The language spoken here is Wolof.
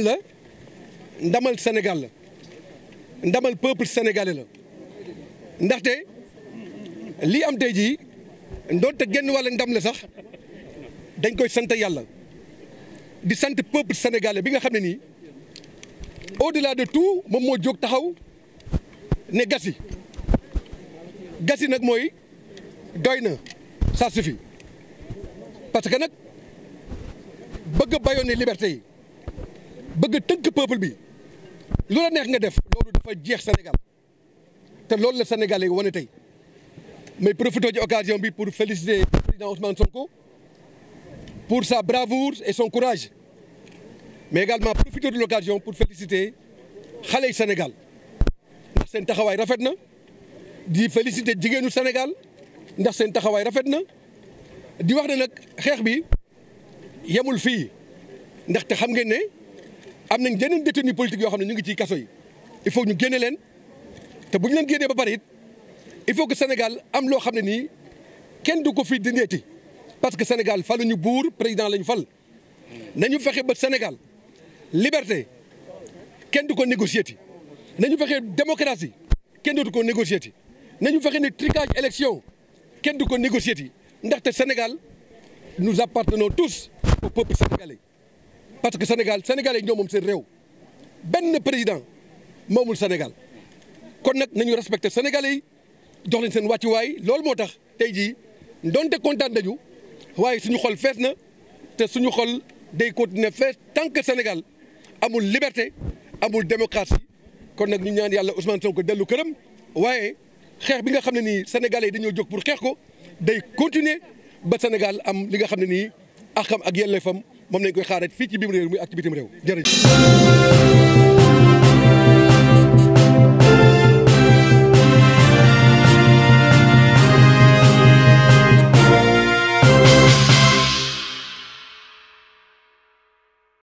la ndamal Sénégal ndamal peuple sénégalais ndaxte lii am tey ji ndoonte génn wàll ndam la sax dañ koy sant yàlla di sant peuple sénégalais bi nga xam ne nii au-delà de tout moom moo jóg taxaw ne gasi gasi nag mooy doy na ça suffit parce que nag bëgg bayoon ne liberté yi bëgg tënk peuple bi lu neex nga def loolu dafa jeex Sénégal te loolu la Sénégalais wane tey mais profité ci occasion bi pour féliciter président Ousmane Sonko pour sa bravoure et son courage mais également profité l'occasion pour féliciter xale yi Sénégal ndax seen taxawaay rafet na di féliciter jigéenu Sénégal ndax seen taxawaay rafet na di wax ne nag xeex bi yemul fii ndaxte xam ngeen ne. am nañ yeneen détenu politique yoo xam ne ñu ngi ciy kaso yi il faut ñu génne leen te bu ñu leen génnee ba pare it il faut que Sénégal am loo xam ne nii kenn du ko fi dindeeti parce que Sénégal ñu buur président lañu fal nañu fexe ba Sénégal liberté kenn du ko négocié ti nañu fexe démocratie kenn du ko négocié nañu fexe ne tricage élection kenn du ko négocié ti ndaxte Sénégal nu appartenons tous au peuple sénégalais. parce que Sénégal sénégalais ñoo moom seen réew benn président moomul Sénégal kon nag nañu respecté sénégalais yi jox leen seen wàccuwaay loolu moo tax tey jii donte kontaan nañu waaye suñu xol fees na te suñu xol day continuer fees tant que Sénégal amul liberté amul démocratie kon nag ñu ñaan yàlla Ousmane ko dellu këram waaye xeex bi nga xam ne nii sénégalais yi dañoo jog pour xeex ko day continuer ba Sénégal am li nga xam ne nii axam ak yelleefam moom lañ koy xaarat fii ci biir réew mi ak ci bitim réew jërëjëf